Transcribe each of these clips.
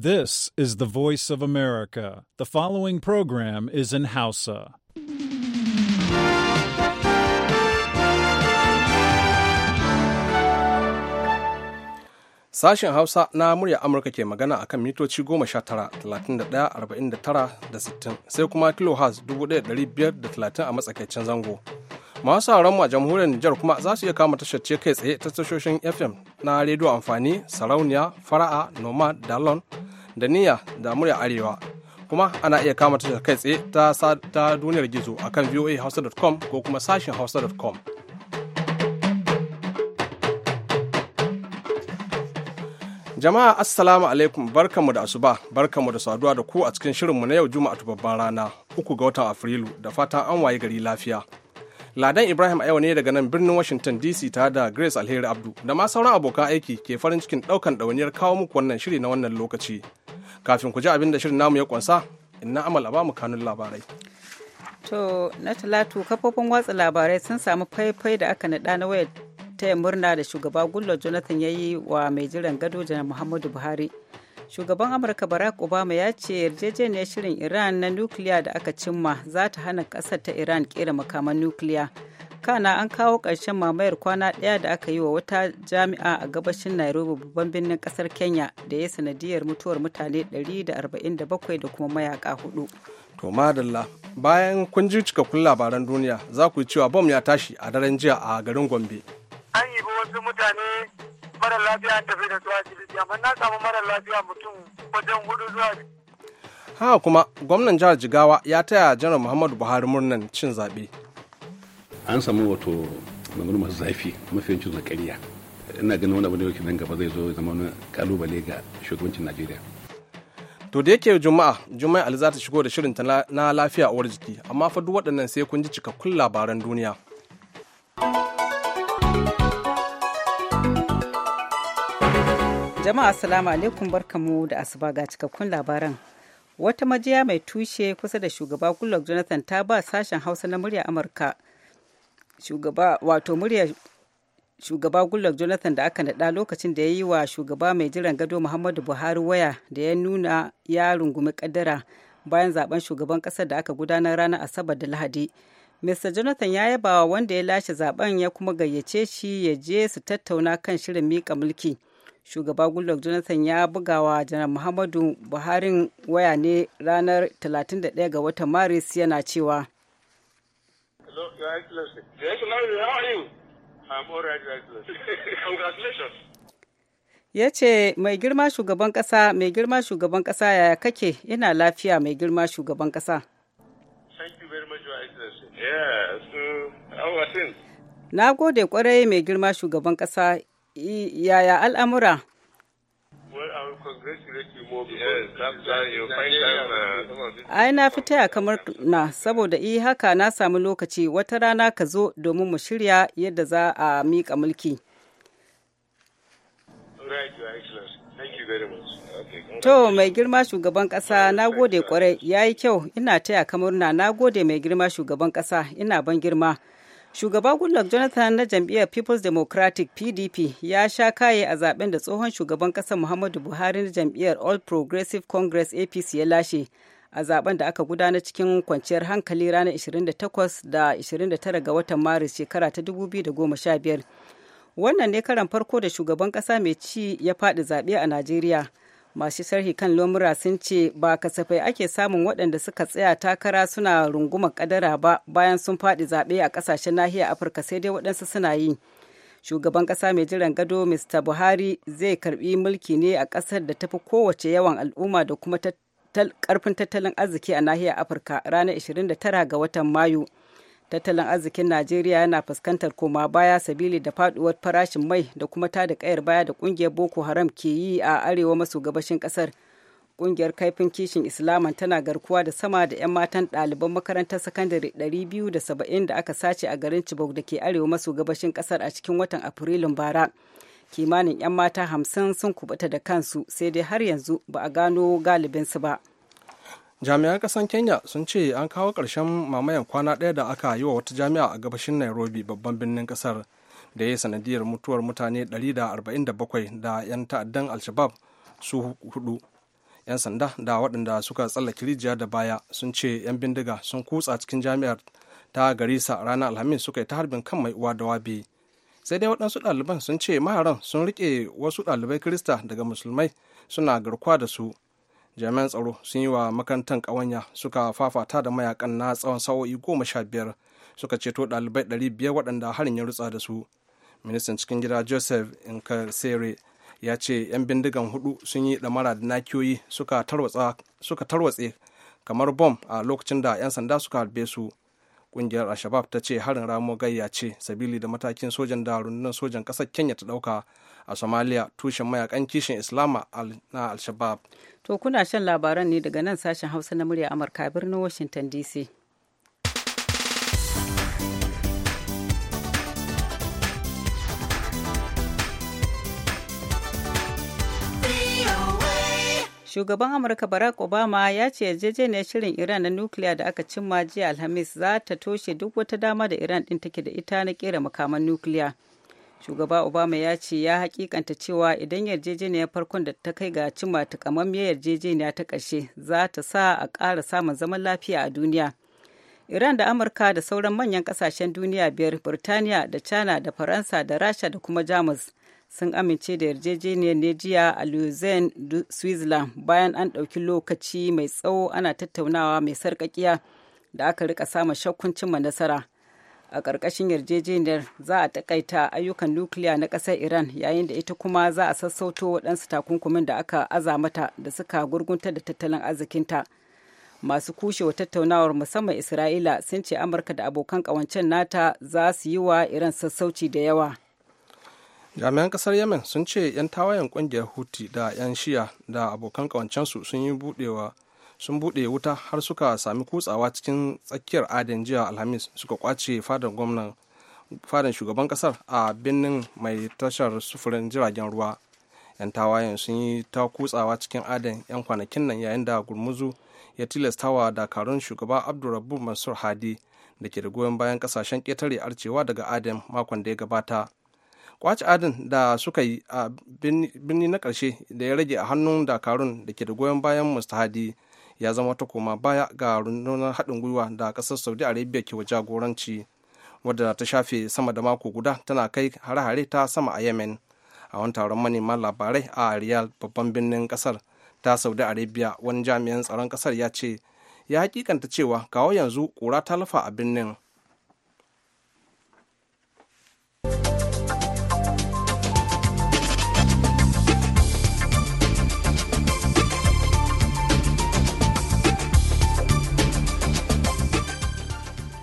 This is the voice of America. The following program is in Hausa. Sashen Hausa na murya Amurka ke magana akan mitoci 19,31,49 da da da tara 60 sai kuma kilohaz 1,530 a matsakaicin zango. masu sauran a jamhuriyar Nijar kuma za su iya kama tashar ce kai tsaye ta tashoshin FM na rediyo amfani sarauniya fara'a noma dalon da niyya da murya arewa kuma ana iya kama tashar kai tsaye ta duniyar gizo akan voahouse.com ko kuma sashen hausa.com Jama'a Assalamu alaikum barkanmu da asuba barkanmu da saduwa da ku a cikin shirinmu na yau Juma'a babban rana uku ga watan Afrilu da fatan an waye gari lafiya. Ladan Ibrahim a yau ne daga nan birnin Washington DC ta da Grace Alheri Abdu da ma sauran abokan aiki ke farin cikin ɗaukan ɗawainiyar kawo muku wannan shiri na wannan lokaci. Kafin ku ji abin da shirin namu ya kunsa, inna amal a ba mu kanun labarai. To, na talatu kafofin watsa labarai sun samu faifai da aka naɗa na wayar taya murna da shugaba Gullo Jonathan ya yi wa mai jiran gado janar Muhammadu Buhari. shugaban amurka barack obama ya ce yarjejeniyar shirin iran na nukiliya da aka cimma za ta hana ƙasar ta iran kera makaman nukiliya kana an kawo ƙarshen mamayar kwana ɗaya da aka yi wa wata jami'a a gabashin nairobi babban birnin ƙasar kenya da ya sanadiyar mutuwar mutane 147 da kuma mayaka hudu to madalla bayan kun ji cikakkun labaran duniya za ku yi cewa bom ya tashi a daren jiya a garin gombe an yi wasu mutane mara lafiya an tafi da su asibiti amma na samu mara lafiya mutum wajen hudu zuwa haka kuma gwamnan jihar jigawa ya taya janar muhammadu buhari murnan cin zaɓe an samu wato maganganu masu zafi mafi yancin zakariya ina ganin wani abu da yake nan gaba zai zo zama wani kalubale ga shugabancin najeriya to da yake juma'a juma'a ali za ta shigo da shirinta na lafiya uwar jiki amma fa duk waɗannan sai kun ji cikakkun labaran duniya Jama'a assalamu alaikum barkamu da asuba ga cikakkun labaran. Wata majiya mai tushe kusa da shugaba Goodluck Jonathan ta ba sashen Hausa na murya Amurka shugaba wato murya shugaba Goodluck Jonathan da aka naɗa lokacin da ya yi wa shugaba mai jiran gado Muhammadu Buhari waya da ya nuna ya rungumi kaddara bayan zaben shugaban ƙasar da aka gudanar ranar Asabar da Lahadi. Mr. Jonathan ya yaba wanda ya lashe zaben ya kuma gayyace shi ya je su tattauna kan shirin mika mulki. shugaba goodluck jonathan ya bugawa janar muhammadu buharin waya ne ranar 31 ga watan maris yana cewa ya ce mai girma shugaban kasa mai girma shugaban kasa yaya kake Ina lafiya mai girma shugaban kasa na gode kwarai mai girma shugaban kasa yaya al'amura? Uh, Ai, na fi taya kamar na saboda yi haka na samu lokaci wata rana ka zo domin mu shirya yadda za a miƙa mulki. To, mai girma shugaban kasa na gode kwarai uh, ya yi kyau ina taya kamar na na gode mai girma shugaban kasa ina ban girma. shugaba goodluck jonathan na jam'iyyar people's democratic pdp ya sha kaye a zaben da tsohon shugaban ƙasar muhammadu buhari na jam'iyyar all progressive congress apc ya lashe a zaben da aka gudana cikin kwanciyar hankali ranar 28 da 29 ga watan maris shekara ta 2015 wannan ne karan farko da shugaban ƙasa mai ci ya faɗi zaɓe a najeriya masu sharhi kan lamura sun ce ba kasafai ake samun waɗanda suka tsaya takara suna runguma kadara ba bayan sun faɗi zaɓe a ƙasashen nahiyar afirka sai dai waɗansu suna yi shugaban ƙasa mai jiran gado mr buhari zai karbi mulki ne a ƙasar da tafi kowace yawan al'umma da kuma ƙarfin tattalin arziki a nahiyar afirka ranar 29 ga watan mayu tattalin arzikin najeriya yana fuskantar koma baya sabili da faduwar farashin mai da kuma ta da kayar baya da kungiyar boko haram ke yi a arewa maso gabashin kasar kungiyar kaifin kishin islaman tana garkuwa da sama da 'yan matan ɗaliban makarantar sakandare 270 da aka sace a garin chibok da ke arewa maso gabashin kasar a cikin watan afrilun bara kimanin 'yan mata hamsin sun kubuta da kansu sai dai har yanzu ba a gano galibinsu ba. jami'an kasan kenya sun ce an kawo karshen mamayan kwana ɗaya da aka yi wa wata jami'a a gabashin nairobi babban birnin kasar da ya yi sanadiyar mutuwar mutane 147 da 'yan ta'addan alshabab su hudu 'yan sanda da waɗanda suka tsallake rijiya da baya sun ce 'yan bindiga sun kutsa cikin jami'ar ta garisa ranar alhamis suka yi ta harbin kan mai uwa da wabi sai dai waɗansu ɗaliban sun ce maharan sun riƙe wasu ɗalibai kirista daga musulmai suna garkuwa da su jami'an tsaro sun yi wa makarantar ƙawanya suka fafata da mayakan na tsawon sa'o'i goma sha biyar suka ceto ɗalibai ɗari biyar waɗanda harin ya rutsa da su ministan cikin gida joseph inkarsere ya ce 'yan bindigan hudu sun yi ɗamara da nakiyoyi suka tarwatse kamar bom a lokacin da 'yan sanda suka harbe su ƙungiyar al ta ce harin ramo gayya ce sabili da matakin sojan da rundunar sojan ƙasar kenya ta ɗauka a somalia tushen mayakan kishin islama na al-shabab to kuna shan labaran ne daga nan sashen hausa na murya amurka birnin washington dc shugaban amurka barack obama ya ce yarjejeniyar shirin iran na nukiliya da aka cimma jiya alhamis za ta toshe duk wata dama da iran din take da ita na kera makaman nukiliya shugaba obama ya ce ya hakikanta cewa idan yarjejeniyar farkon da ta kai ga cima takamammiyar yarjejeniya ta ƙarshe za ta sa a ƙara samun zaman lafiya a duniya iran da amurka da sauran manyan ƙasashen duniya biyar birtaniya da china da faransa da rasha da kuma jamus sun amince da yarjejeniyar ne jiya a lausanne switzerland bayan an ɗauki lokaci mai tsawo ana tattaunawa mai sarƙaƙiya da aka rika samun shakkun cimma nasara a ƙarƙashin yarjejeniyar za a takaita ayyukan nukiliya na ƙasar iran yayin da ita kuma za a sassauto waɗansu takunkumin da aka aza mata da suka gurgunta da tattalin arzikinta masu kushewa tattaunawar musamman isra'ila sun ce amurka da abokan ƙawancen nata za su yi wa iran sassauci da yawa jami'an kasar yemen sun ce 'yan tawayen kungiyar huti da 'yan shiya da abokan ƙawancensu sun yi budewa sun buɗe wuta har suka sami kutsawa cikin tsakiyar aden jiya alhamis suka kwace fadan shugaban kasar a birnin mai tashar sufurin jiragen ruwa yan tawayen sun yi ta kutsawa cikin aden yan kwanakin nan yayin da gurmuzu ya tilasta wa dakarun shugaba abdurrabu mansur hadi da ke da goyon bayan kasashen ƙetare arcewa daga aden makon da ya gabata kwace adin da suka yi a birni na ƙarshe da ya rage a hannun dakarun da ke da goyon bayan mustahadi hadi ya zama wata koma baya ga rundunar haɗin gwiwa da ƙasar saudi arabia ke wa jagoranci wadda ta shafe sama da mako guda tana kai hare-hare ta sama a yemen a wani taron manema labarai a riyal babban birnin ƙasar ta saudi arabia wani jami'an tsaron ƙasar ya ce ya hakikanta cewa kawo yanzu ƙura ta lafa a birnin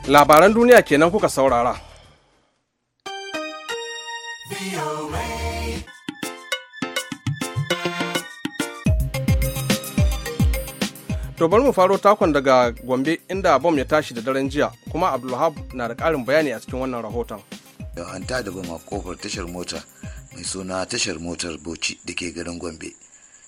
labaran duniya kenan kuka saurara To bari mu faro takon daga Gombe inda bom ya tashi da daren jiya kuma Abdulhab na da ƙarin bayani a cikin wannan rahoton. An ta da bama kofar tashar mota mai suna tashar motar Bauchi da ke garin Gombe.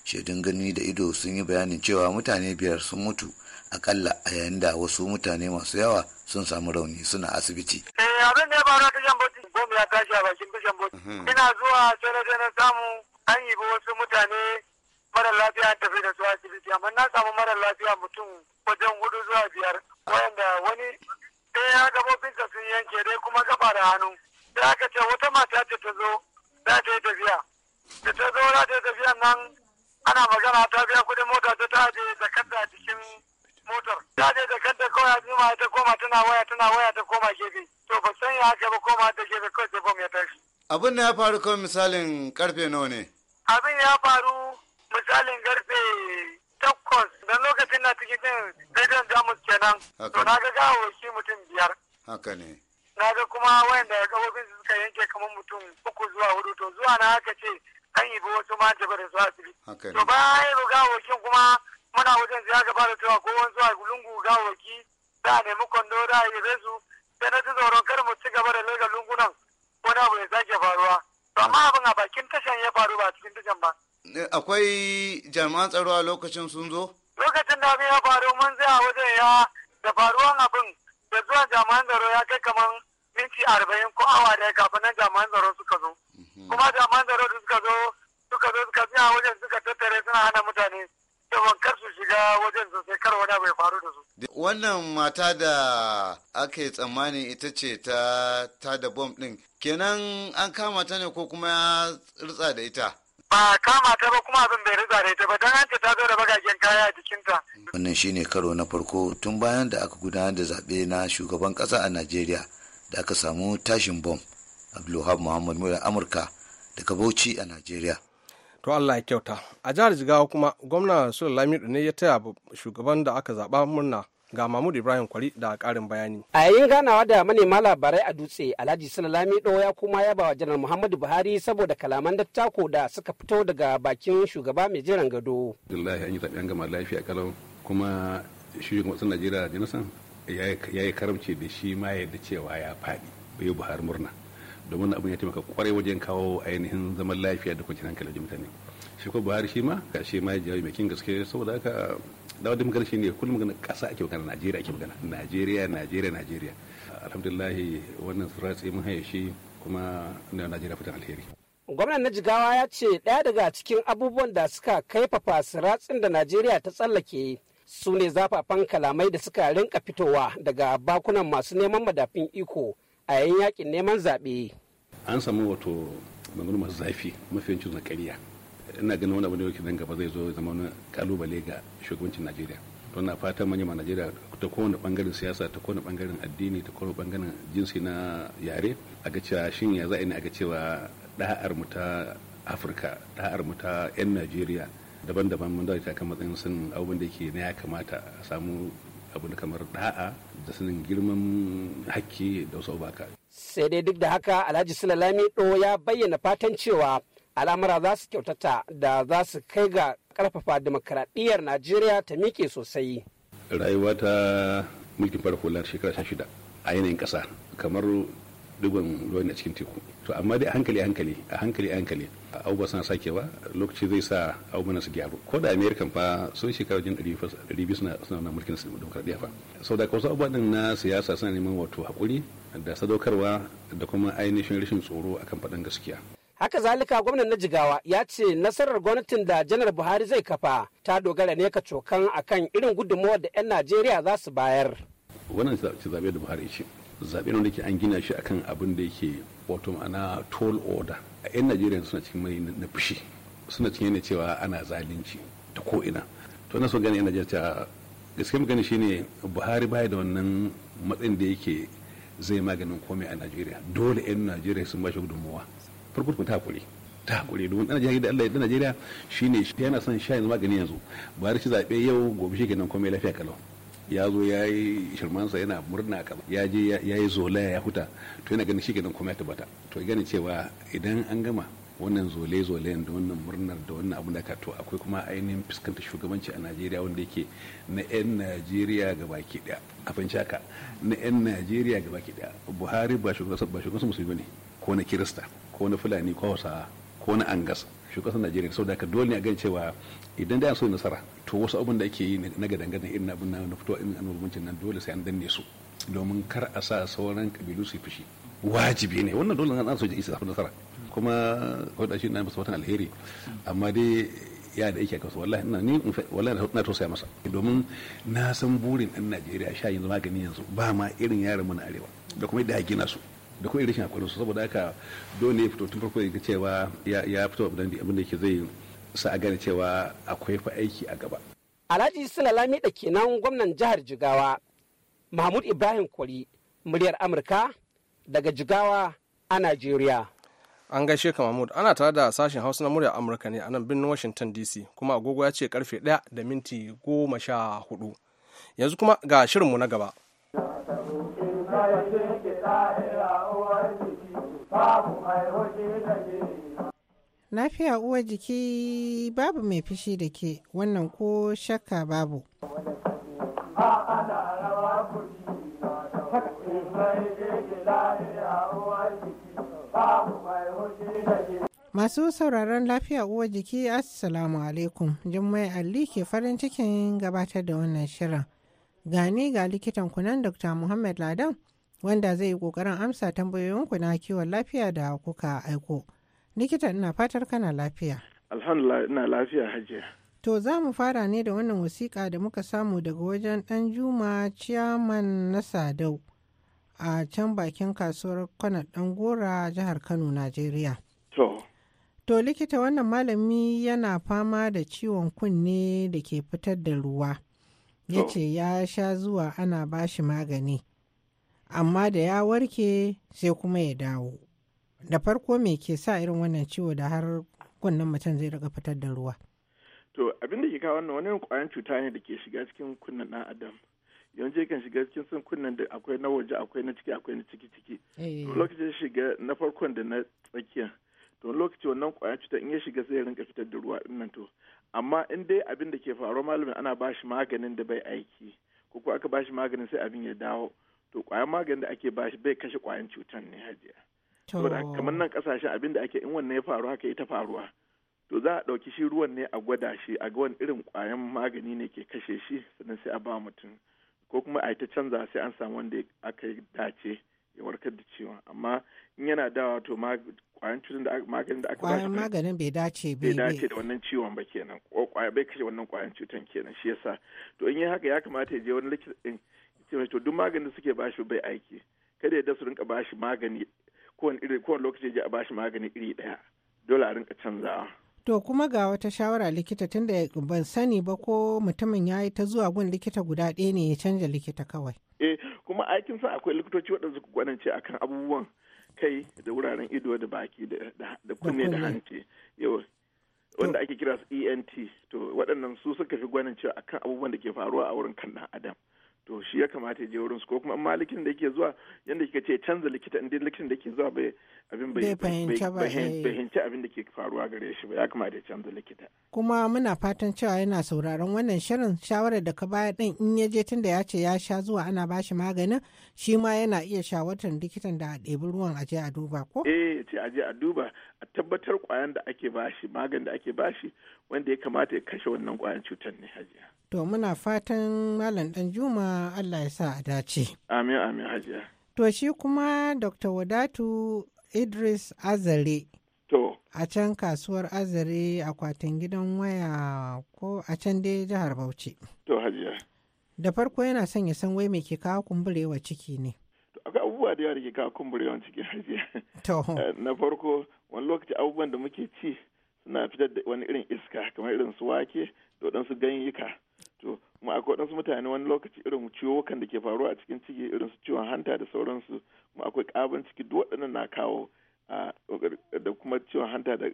Shaidun gani da ido sun yi bayanin cewa mutane biyar sun mutu akalla a yayin da wasu mutane masu yawa sun samu rauni suna asibiti. Eh abin da ya faru ta Jamboti bom ya tashi a bakin ta Jamboti. Mhm. Ina zuwa sai na na samu an yi wasu mutane mara lafiya an tafi da su asibiti amma na samu mara lafiya mutum wajen hudu zuwa biyar wanda wani ɗaya gabobinta sun yanke dai kuma gaba da hannu. Sai aka ce wata mata ce ta zo za ta yi tafiya. Da ta zo za ta yi tafiya nan ana magana ta biya mota ta ta ajiye da kasa cikin motar ta je da kanta kawai azuma ta koma tana waya tana waya ta koma gefe to ba san ya haka ba koma ta gefe kawai sai bom ya tashi abin ya faru kawai misalin karfe nawa ne abin ya faru misalin karfe takwas da lokacin na cikin din rediyon jamus kenan to na ga shi mutum biyar haka ne na ga kuma wayan wayanda gabobin su suka yanke kamar mutum uku zuwa hudu to zuwa na haka ce an yi wasu ma da su asibiti to bayan ruga wakin kuma muna wajen ziya gaba da cewa ko zuwa lungu gawaki da a nemi kwando da a yi su sai na ji tsoron kar mu ci gaba da lega nan wani abu ya zage faruwa to amma abin a bakin tashan ya faru ba cikin tashan ba. akwai jami'an tsaro a lokacin sun zo. lokacin da abin ya faru mun zai a wajen ya da faruwan abin da zuwa jami'an tsaro ya kai kamar minti arba'in ko awa da kafin nan jami'an tsaro suka zo. Mhm. kuma jami'an tsaro da suka zo suka zo suka tsaya wajen suka tattare suna hana mutane su shiga wajen bai faru da Wannan mata da aka yi tsammani ita ce ta ta da bom ɗin kenan an kama ta ne ko kuma ya ritsa da ita. Ba kama ta ba kuma abin bai ritsa da ita ba don ta zo da bagagen kaya a jikinta. Wannan shi ne karo na farko tun bayan da aka gudanar da zaɓe na shugaban ƙasa a Najeriya da aka samu tashin bom. Abdulwahab Muhammad Mura Amurka daga Bauchi a Najeriya. to Allah ya kyauta a jihar jigawa kuma gwamna Sule Lamido ne ya taya shugaban da aka zaba murna ga Mahmud Ibrahim Kwari da karin bayani. A yayin ganawa da manema labarai a dutse Alhaji Sulalami Lamido ya kuma yaba wa Janar Muhammadu Buhari saboda kalaman dattako da suka fito daga bakin shugaba mai jiran gado. Alhamdulillah an yi zaɓen gama lafiya kalau kuma shugaban matsin Najeriya da jinasan ya yi karamci da shi ma yadda cewa ya faɗi bai Buhari murna. domin abin ya taimaka kwarai wajen kawo ainihin zaman lafiya da kwanciyar hankali da mutane shi ko buhari shi ma ga shi ma jawabi mai kin gaske saboda haka dawo da magana ne kullum magana kasa ake magana najeriya ake magana najeriya najeriya najeriya alhamdulillah wannan suratsi mun haye shi kuma na najeriya fitan alheri gwamnan na jigawa ya ce ɗaya daga cikin abubuwan da suka kaifafa siratsin da najeriya ta tsallake su ne zafafan kalamai da suka rinka fitowa daga bakunan masu neman madafin iko a yayin yakin neman zaɓe. an samu wato maganganu masu zafi mafi yancin zakariya ina ganin wani abu da yake nan gaba zai zo zama wani kalubale ga shugabancin najeriya to na fatan manyan najeriya ta kowane bangaren siyasa ta kowane bangaren addini ta kowane bangaren jinsi na yare a ga cewa shin ya za a ga cewa da'ar mu ta afirka da'ar mu ta yan najeriya daban-daban mun dawo ta kan matsayin sun abubuwan da ke na ya kamata a samu abu da kamar da'a da sanin girman hakki da wasu baka. sai dai duk da haka alhaji sulalami ɗo ya bayyana fatan cewa al'amura za su kyautata da za su kai ga karfafa demokaradiyyar najeriya ta miƙe sosai rayuwa ta mulkin farko shekara sha shida a yanayin ƙasa kamar digon ruwan a cikin teku to amma dai a hankali hankali a hankali hankali abubuwa suna sakewa lokaci zai sa abubuwan su gyaru ko da amerikan fa sun shekaru jin 200 suna suna mulkin demokradiyya fa sau da wasu abubuwa din na siyasa suna neman wato hakuri da sadaukarwa da kuma ainihin rashin tsoro akan faɗin gaskiya haka zalika gwamnan na jigawa ya ce nasarar gwamnatin da janar buhari zai kafa ta dogara ne ka cokan akan irin gudunmawar da 'yan najeriya za su bayar wannan zaɓe da buhari ce zaɓe wanda ke an gina shi akan abin da yake wato ma'ana toll order a 'yan najeriya suna cikin mai na fushi suna cikin yana cewa ana zalunci ta ko'ina to na so gani 'yan najeriya cewa magana shine buhari baya da wannan matsayin da yake zai maganin komai a najeriya dole 'yan najeriya sun ba shi gudunmawa farko ta hakuri ta hakuri domin ɗan najeriya da allah ɗan najeriya shine yana son sha yanzu magani yanzu buhari shi zaɓe yau gobe shi kenan komai lafiya kalau ya zo ya yi shirmansa yana murna kama ya je ya yi zolaya ya huta to yana ganin shi kenan kuma ya tabbata to gani cewa idan an gama wannan zole-zolen da wannan murnar da wannan abin da ka to akwai kuma ainihin fuskantar shugabanci a najeriya wanda yake na 'yan najeriya ga baki daya a haka na 'yan najeriya ga baki daya buhari ba shugabansu musulmi ne ko na kirista ko na fulani ko hausawa ko na angas shugaban najeriya da haka dole ne a gani cewa idan da so nasara to wasu abin da ake yi na gadan gadan irin abin na fito irin annabancin nan dole sai an danne su domin kar a sa sauran kabilu su fushi wajibi ne wannan dole an so jin isa nasara kuma kawai shi na masa watan alheri amma dai ya da yake kasu wallahi ina ni wallahi na sai masa domin na san burin ɗan Najeriya sha yanzu magani yanzu ba ma irin yaran mu na arewa da kuma da gina su da kuma irishin akwai su saboda haka dole ya fito tun farko ya cewa ya fito abin da ke zai sa a gane cewa akwai fa aiki a gaba. Alhaji Sulalami da kenan gwamnan jihar Jigawa Mahmud Ibrahim Kwari muryar Amurka daga Jigawa a Najeriya. An gaishe ka Mahmud ana tare da sashen Hausa na muryar Amurka ne a nan birnin Washington DC kuma agogo ya ce karfe 1 da minti goma sha hudu. Yanzu kuma ga shirinmu na gaba. Lafiya uwar jiki babu mai fishi da ke wannan ko shakka babu. Masu sauraron lafiya uwar jiki Assalamu alaikum. Jummai alli ke farin cikin gabatar da wannan shirin. Gani ga likitan kunan Dr. Muhammad Ladan. wanda zai yi ƙoƙarin amsa tambayoyinku na kiwon lafiya da kuka aiko. Likita ina fatar kana lafiya. Alhamdulillah ina lafiya hajiya. To za mu fara ne da wannan wasiƙa da muka samu daga wajen ɗan Juma Ciyaman na Sadau a can bakin kasuwar kwana ɗan gora jihar Kano, Najeriya. To. To likita wannan malami yana fama da ciwon kunne da ke fitar da ruwa. Ya ce ya sha zuwa ana bashi magani. amma da ya warke sai kuma ya dawo da farko me ke sa irin wannan ciwo da har kunnen mutum zai riga fitar da ruwa to abin da ke kawo wannan wani kwayan cuta ne da ke shiga cikin kunnen dan adam yanzu yakan shiga cikin sun kunnen da akwai na waje akwai na ciki akwai na ciki ciki eh. lokacin shiga na farkon da na tsakiya to lokaci wannan kwayan cuta in ya shiga zai rinka fitar da ruwa din nan to amma in dai abin da ke faruwa malamin ana ba shi maganin da bai aiki ko ko aka ba shi maganin sai abin ya dawo to kwayan maganin da ake bashi bai kashe kwayan cutan ne hajiya saboda kamar nan kasashen abin da ake in wannan ya faru haka ita faruwa to za a ɗauki shi ruwan ne a gwada shi a ga wani irin kwayan magani ne ke kashe shi sannan sai a ba mutum ko kuma a ta canza sai an samu wanda aka dace ya warkar da ciwon amma in yana dawa to kwayan cutan da maganin da aka ba maganin bai dace bai dace da wannan ciwon ba kenan ko kwaya bai kashe wannan kwayan cutan kenan shi yasa to in yi haka ya kamata ya je wani likita sai to duk maganin suke suke bashi bai aiki kada ya dasu rinka bashi magani kowane iri kowane lokaci ya a bashi magani iri daya dole a rinka canzawa to kuma ga wata shawara likita tunda ban sani ba ko mutumin ya yi ta zuwa gun likita guda ɗaya ne ya canza likita kawai eh kuma aikin sa akwai likitoci waɗanda suka gwanance akan abubuwan kai da wuraren ido da baki da kunne da hanci yau wanda ake kira su ent to waɗannan su suka fi gwanin cewa akan abubuwan da ke faruwa a wurin kan ɗan adam to shi ya kamata ya je wurin su ko kuma amma likitan da yake zuwa yanda kika ce canza likita inda likitan da yake zuwa bai abin bai fahimci eh. abin da ke faruwa gare shi ba ya kamata ya canza likita kuma muna fatan cewa yana sauraron wannan shirin shawarar da ka baya din in ya je tunda ya ce ya sha zuwa ana ba shi maganin shi ma yana iya shawartar likitan da a ɗebi ruwan aje a duba ko eh ce aje a duba a tabbatar kwayan da ake bashi magan da ake bashi wanda ya kamata ya kashe wannan kwayan cutar ne hajiya. To muna fatan Malam Dan Juma Allah ya sa a dace. Amin amin hajiya. To shi kuma Dr. Wadatu Idris Azare. To. A can kasuwar Azare akwatin gidan waya ko a can dai jihar Bauchi. To hajiya. Da farko yana son ya san wai me ke kawo kumburewa ciki ne. akwai abubuwa da yawa da ke kawo kumburewan ciki, hajiya. To. Eh, na farko wani lokaci abubuwan da muke ci suna fitar da wani irin iska kamar irin su wake da waɗansu ganyika to kuma akwai waɗansu mutane wani lokaci irin ciwokan da ke faruwa a cikin ciki irin su ciwon hanta da sauransu kuma akwai ƙaban ciki duk waɗannan na kawo da kuma ciwon hanta da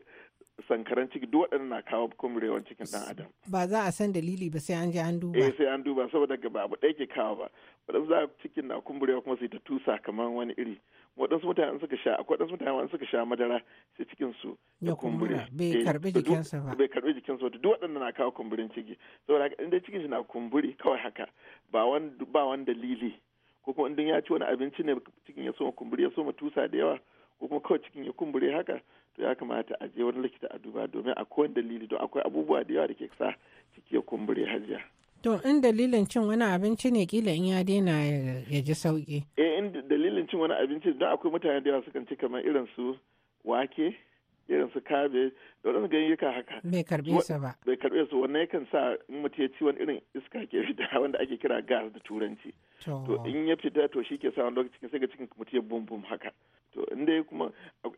sankaran ciki duk waɗannan na kawo kumurewan cikin ɗan adam ba za a san dalili ba sai an ji an duba eh sai an duba saboda ba abu ɗaya ke kawo ba waɗansu za cikin na kumburewa kuma sai ta tusa kamar wani iri waɗansu mutane suka sha akwai waɗansu mutane wani suka sha madara sai cikin su ya kumbure bai eh, karbi jikinsa ba bai karbi jikinsa ba duk waɗannan na kawo kumburin ciki saboda haka inda cikin shi na kumburi kawai haka ba wani ba wani dalili ko kuma in ya ci wani abinci ne cikin ya soma kumburi ya soma tusa da yawa ko kuma kawai cikin ya kumbure haka to ya kamata a je wani likita a duba domin akwai dalili don akwai abubuwa da yawa da ke sa ciki ya kumbure hajiya To in dalilin cin wani abinci ne kila in ya daina ya ji sauki. Eh in dalilin cin wani abinci don akwai mutane da yawa sukan ci kamar irin su wake, irin su kabe, da wadansu ganyayyaka haka. Bai karbe su ba. Bai karbe su wannan yakan sa in mutum ya ci wani irin iska ke fita wanda ake kira gas da turanci. To in ya fita to shi ke sa wani lokacin sai ga cikin mutum ya bum bum haka. so in dai kuma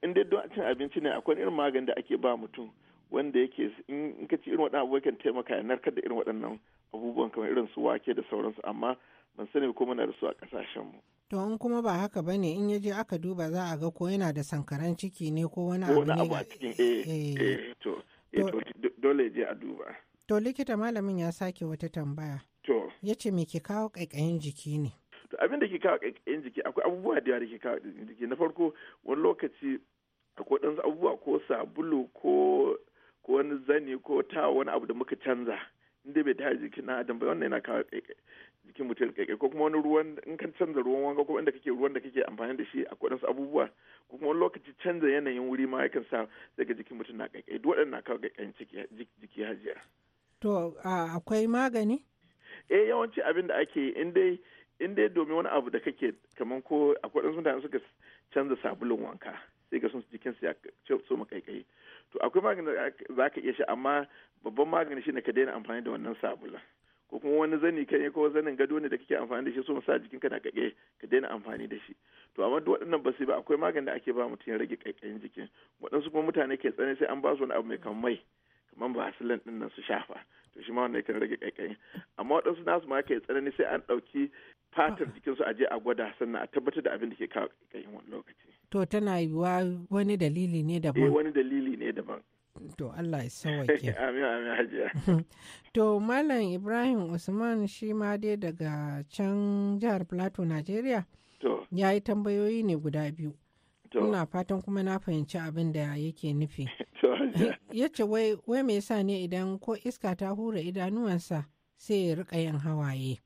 in don cin abinci ne akwai irin magani da ake ba mutum wanda yake in ka ci irin waɗannan abubuwan kan taimaka ya narkar da irin waɗannan abubuwan kamar irin su wake da sauransu amma ban sani ko muna da su a ƙasashen mu to in kuma ba haka ba ne in ya je aka duba za a ga ko yana da sankaran ciki ne ko wani abu ne abu a to dole je a duba to likita malamin ya sake wata tambaya to yace me ke kawo kaikayin jiki ne abin da ke kawo ƙaiƙayin jiki akwai abubuwa da yawa da ke kawo ƙaiƙayin jiki na farko wani lokaci akwai ɗansu abubuwa ko sabulu ko ko wani zani ko ta wani abu da muka canza inda bai tare jiki na adam ba wannan yana kawo jikin mutum kaikai ko kuma wani ruwan in ka canza ruwan wanka ko inda kake ruwan da kake amfani da shi akwai ɗansu abubuwa ko kuma wani lokaci canza yanayin wuri ma yakan sa daga jikin mutum na kaikai duk waɗannan na kawo kaikayin jiki hajiya. to akwai magani. eh yawanci abin da ake in dai in dai domin wani abu da kake kamar ko akwai ɗansu mutane suka canza sabulun wanka sai ka sun jikin su ya so makaikai to akwai magani da za ka iya shi amma babban magani ne ka daina amfani da wannan sabulun ko kuma wani zani kan ko zanin gado ne da kake amfani da shi so sa jikinka na kake ka daina amfani da shi to amma duk waɗannan ba sai ba akwai magani da ake ba mutum ya rage kaikayin jikin waɗansu kuma mutane ke tsane sai an ba su wani abu mai kamar mai man ba asilin din nan su shafa to shi ma wannan yakan rage kaikayin amma waɗansu nasu ma kai tsanani sai an ɗauki fatar ah. jikinsu a je a gwada sannan a tabbatar da abin da ke kawo kaikayin wani lokaci. to tana yiwuwa wani dalili ne daban. eh wani dalili ne daban. to Allah ya sauwake. amin amin hajiya. to Malam Ibrahim Usman shi ma dai daga can jihar Plateau nigeria To. Ya yi tambayoyi ne guda biyu. Ina fatan kuma na fahimci abin da yake nufi. yace wai wai me yasa ne idan ko iska ta hura idanuwansa sai ya rika yin hawaye.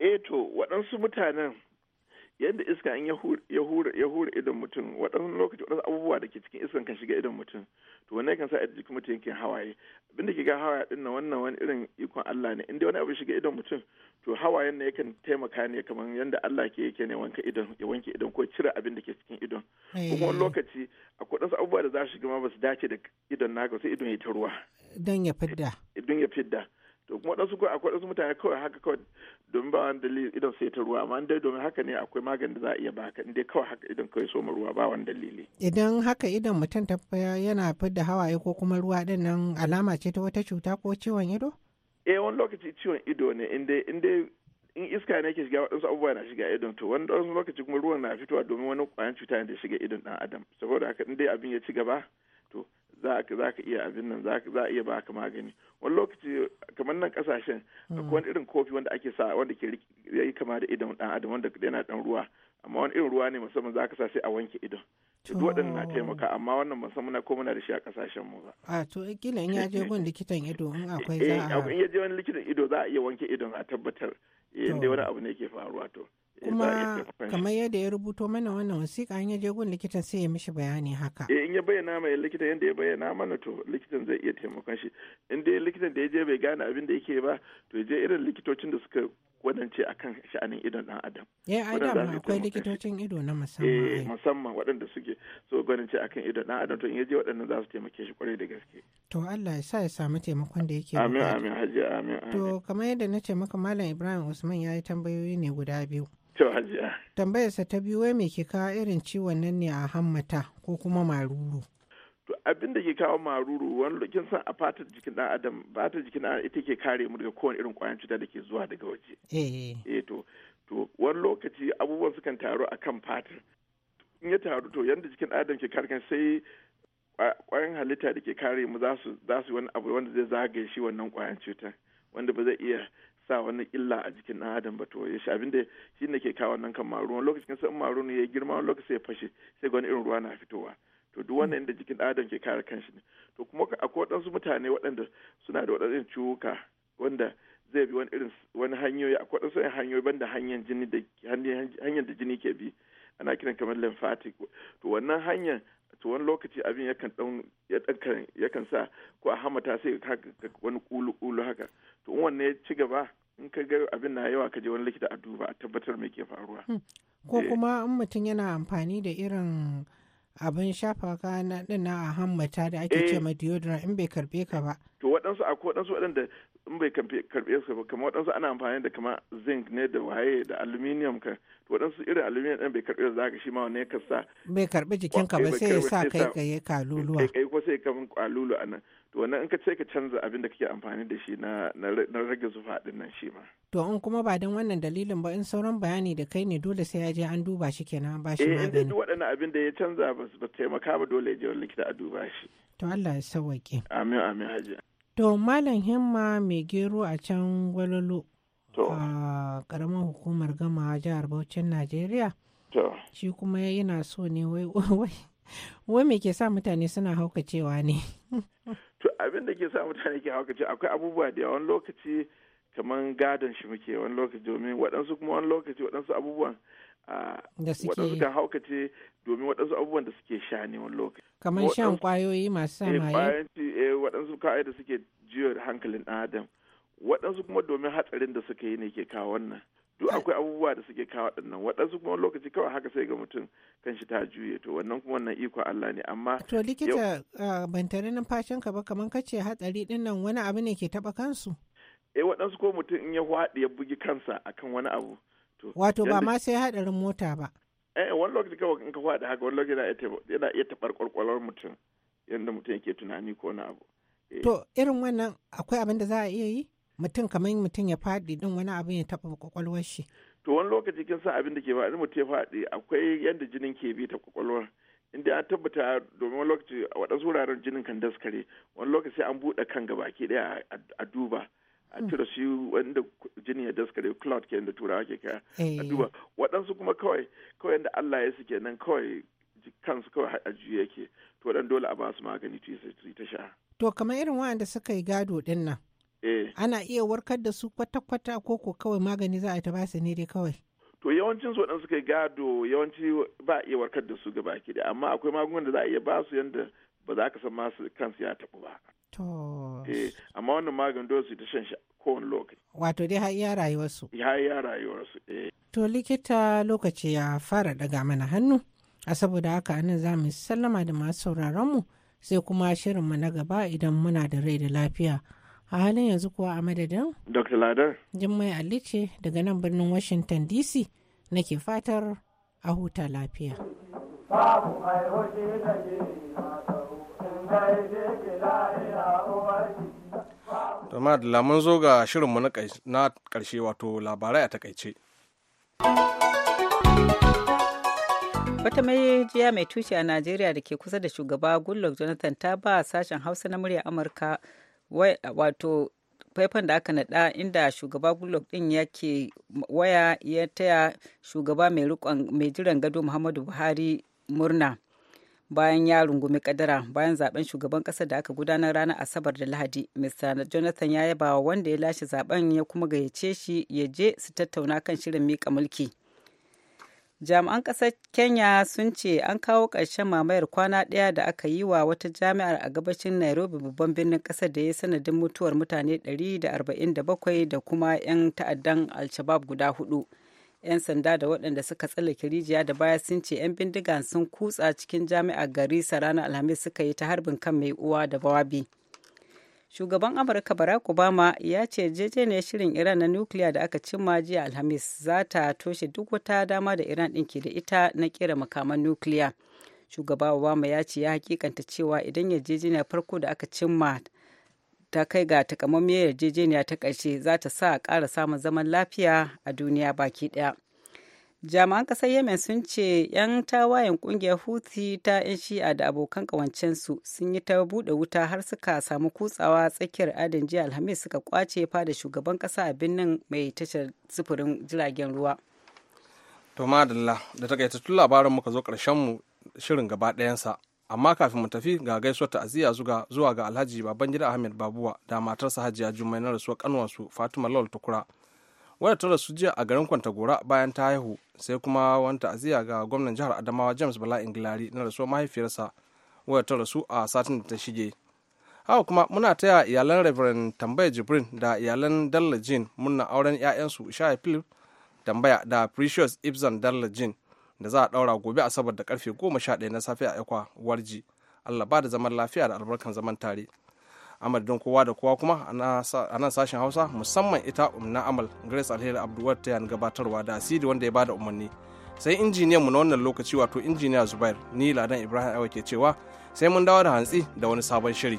Eh to waɗansu mutanen yadda iska in ya hura idan mutum waɗannan lokaci waɗansu abubuwa da ke cikin iskan kan shiga idan mutum to wannan kan sa a jikin mutum yake hawaye abinda ke ga hawaye din wannan wani irin ikon Allah ne inda wani abu shiga idan mutum to hawayen ne yakan taimaka ne kamar yadda Allah ke yake ne wanka idan ya wanke idan ko cire abin da ke cikin idon kuma wani eh. lokaci akwai ɗansu abubuwa da za su shiga ma ba su dace da idon naka sai idon ya ta ruwa Idan ya fidda Idan ya fidda to kuma waɗansu ko akwai waɗansu mutane kawai haka kawai domin ba wani dalili idan sai ta ruwa amma dai domin haka ne akwai magani da za a iya baka in dai kawai haka idan kawai soma ruwa ba wani dalili idan haka idan mutum ta yana fidda hawaye ko kuma ruwa din nan alama ce ta wata cuta ko ciwon ido eh wani lokaci ciwon ido ne in dai in iska ne ke shiga waɗansu abubuwa na shiga idon to wani lokaci kuma ruwan na fitowa domin wani ƙwayan cuta ne da shiga idon ɗan adam saboda haka in dai abin ya ci gaba za ka iya abin nan za a iya baka magani wani lokaci kamar nan kasashen hmm. akwai wani irin kofi wanda ake sa wanda ke yi kama da idon dan adam wanda yana dan ruwa amma wani irin ruwa ne musamman za ka sa sai a wanke idon duk waɗannan na taimaka amma wannan musamman na ko muna da shi a kasashen mu ba a to kila in ya je gun likitan ido in akwai za a eh, in ya je wani likitan ido za a iya wanke idon a tabbatar eh, inda wani abu ne ke faruwa to kuma kamar yadda ya rubuto mana wannan wasiƙa an je gun likitan sai ya mishi bayani haka eh in ya bayyana mai likitan yadda ya bayyana mana to likitan zai iya taimakon shi in dai likitan da ya je bai gane abin da yake ba to ya je irin likitocin da suka wadance akan sha'anin idon dan adam eh yi da akwai likitocin ido na musamman eh musamman waɗanda suke so gwanince akan idon dan adam to in ya je waɗannan za su taimake shi kwarai da gaske to Allah ya sa ya samu taimakon da yake amin amin hajji amin to kamar yadda na ce maka malam Ibrahim Usman ya yi tambayoyi ne guda biyu To hajiya. Tambayarsa ta biyu wai me ke kawo irin ciwon nan ne a hammata ko kuma maruru? To abin da ke kawo maruru wani lokacin san a fatar jikin dan adam fatar jikin dan ita ke kare mu daga kowane irin kwayan cuta da ke zuwa daga waje. Eh. Eh to to wani lokaci abubuwan sukan taru a kan fatar. In ya taru to yanda jikin dan adam ke karkan sai kwayan halitta da ke kare mu za su za su wani abu wanda zai zagaye shi wannan kwayan cuta wanda ba zai iya sa wani illa a jikin ɗan adam ba to ya shi abinda shi ne ke kawo wannan kan maruwa lokacin kan sa'in maruwa ya girma wani lokacin ya fashe sai ga wani irin ruwa na fitowa to duk wannan inda jikin ɗan adam ke kare kanshi ne to kuma akwai waɗansu mutane waɗanda suna da waɗannan ciwuka wanda zai bi wani irin wani hanyoyi akwai waɗansu hanyoyi banda hanyar jini da hanyar da jini ke bi ana kiran kamar lymphatic to wannan hanyar to wani lokaci abin yakan dan yakan sa ko a hamata sai wani kulu kulu haka to in wanne ya ci gaba in ka ga abin na yawa ka je wani likita a duba a tabbatar me ke faruwa hmm. ko eh. kuma in mutum yana amfani da irin abin shafa kana din na a hammata da ake ce eh. ma deodorant in bai karbe ka ba to waɗansu akwai waɗansu waɗanda in bai karbe su ba kamar waɗansu ana amfani da kama zinc ne da waye da aluminium ka to waɗansu irin aluminium ɗin bai karbe su zaka shi ma wani ka sa bai karbe jikin ka ba sai ya sa kai ka yi kaluluwa kai ko sai ka min kalulu anan to wannan in ka ce ka canza abin da kake amfani da shi na na rage zufa din nan shi ma to in kuma ba dan wannan dalilin ba in sauran bayani da kai ne dole sai ya je an duba shi kenan ba shi eh, magani eh duk waɗannan abin da ya canza ba taimaka ba dole ya je likita a duba shi to Allah ya sauwake amin amin hajiya To Malam Himma mai gero a can gwalolo a ƙaramin hukumar gama jihar Bauchin Najeriya. Shi kuma yana so ne wai wai wai me ke sa mutane suna haukacewa ne. To abin da ke sa mutane ke haukacewa akwai abubuwa da yawan lokaci kamar gadon shi muke wani lokaci domin waɗansu kuma wani lokaci waɗansu abubuwan waɗansu kan haukace domin waɗansu abubuwan da suke sha ne wani lokaci. Kamar shan kwayoyi masu sa eh, maye? Eh, waɗansu kawai da suke jiyo hankalin ɗan adam. Waɗansu kuma domin hatsarin da suka yi ne ke kawo wannan. Duk akwai abubuwa da suke kawo ɗannan waɗansu kuma lokaci kawai haka sai ga mutum kan shi ta juye to wannan kuma wannan iko Allah ne amma. To likita ban tare ka ba kamar kace hatsari ɗin nan wani abu ne ke taɓa kansu? Eh waɗansu ko mutum in ya hwaɗe ya bugi kansa akan wani abu. wato ba ma sai hadarin mota ba eh wani lokaci kawai in ka faɗi haka wani lokaci yana iya taɓar ƙwarƙwarar mutum yadda mutum yake tunani ko na abu eh. to irin wannan akwai abin da za a iya yi mutum kamar mutum ya faɗi din wani abin ya taɓa ƙwaƙwalwar shi to wani lokaci kin san abin da ke faɗi mutum ya faɗi akwai yadda jinin ke bi ta ƙwaƙwalwar inda an tabbata domin wani lokaci a waɗansu wuraren jinin kan daskare wani lokaci an buɗe kan gabaki ɗaya a duba a cire shi wanda jini ya daskare cloud ke da turawa ake kaya a eh. duba waɗansu kuma kawai kawai da Allah ya suke nan kawai kansu kawai a juye yake to dan dole a ba su magani tu ta sha to kamar irin waɗanda suka yi gado din nan eh. ana iya warkar da su kwata-kwata ko ko kawai magani za a ta ba su ne dai kawai to yawancin su waɗansu suka yi gado yawanci ba a iya warkar da su gaba ki amma akwai magungunan da za a iya ba su yadda ba za ka san masu kansu ya taɓu ba To. Eh, amma wannan maganin dole ta shan shi kowane lokaci. Wato dai har iya rayuwarsu. Ya iya rayuwarsu. Eh. To likita lokaci ya fara daga mana hannu. A saboda haka anan za mu sallama da masu mu sai kuma shirin mu na gaba idan muna da rai da lafiya. A halin yanzu kuwa a madadin? Dr. Ladar. Jummai Ali ce daga nan birnin Washington DC nake fatar a huta lafiya. Babu mai da ke Dama da lamun zo ga shirinmu na ƙarshe wato labarai a takaice. Wata majiya mai tushe a Najeriya da ke kusa da shugaba Goodluck Jonathan ta ba sashen Hausa na murya Amurka wato faifan da aka naɗa inda shugaba Goodluck din yake waya ya taya shugaba mai jiran gado Muhammadu Buhari murna. bayan ya rungumi kadara bayan zaben shugaban kasar da aka gudanar ranar asabar da lahadi mr jonathan ya yaba wanda ya lashe zaben ya kuma gayyace shi ya je su tattauna kan shirin mika mulki jami'an kasar kenya sun ce an kawo ƙarshen mamayar kwana ɗaya da aka yi wa wata jami'ar a gabashin nairobi babban birnin ƙasa da ya sanadin mutuwar mutane 147 da kuma 'yan ta'addan al guda hudu. 'yan sanda da waɗanda suka tsallake rijiya da baya sun ce 'yan bindigan sun kutsa cikin jami'ar garisa ranar alhamis suka yi ta harbin kan mai uwa da bawabi shugaban amurka barack obama ya ce ne shirin iran na nukiliya da aka cimma jiya alhamis za ta toshe duk wata dama da iran ɗin ke da ita na kera makaman nukiliya shugaba obama ya ce ya hakikanta cewa idan yarjejeniyar farko da aka cimma ta kai ga takamammiyar yarjejeniya ta ƙarshe za ta sa a ƙara samun zaman lafiya a duniya baki ɗaya. jami'an ƙasar yemen sun ce 'yan tawayen ƙungiyar huti ta 'yan shi'a da abokan ƙawancensu sun yi ta buɗe wuta har suka samu kutsawa tsakiyar adin jiya alhamis suka kwace fada shugaban ƙasa a birnin mai tashar sufurin jiragen ruwa to madalla da takaitattun labarin muka zo ƙarshen mu shirin gaba ɗayansa amma kafin mu tafi ga gaisuwar ta'aziyya zuwa ga alhaji babangida ahmed babuwa da matarsa hajiya jummai na rasuwar kanwarsu fatima lawal tukura wadda ta rasu jiya a garin kwantagora bayan ta haihu sai kuma wani ta'aziyya ga gwamnan jihar adamawa james bala ingilari na rasuwar mahaifiyarsa wadda ta rasu a satin da ta shige haka kuma muna taya iyalan reverend tambaya jibrin da iyalan dalla jean auren 'ya'yansu shaya philip tambaya da precious ibsen dalla da za a ɗaura gobe asabar da karfe goma sha ɗaya na safe a Ekwa Warji. Allah ba da zaman lafiya da albarkan zaman tare. don kowa da kowa kuma a nan sashen hausa musamman ita umna amal grace alheri abdulwar ta yan gabatarwa da asiri wanda ya ba da umarni sai injiniyan mu na wannan lokaci wato injiniya zubair ni ladan ibrahim awa ke cewa sai mun dawo da hantsi da wani sabon shiri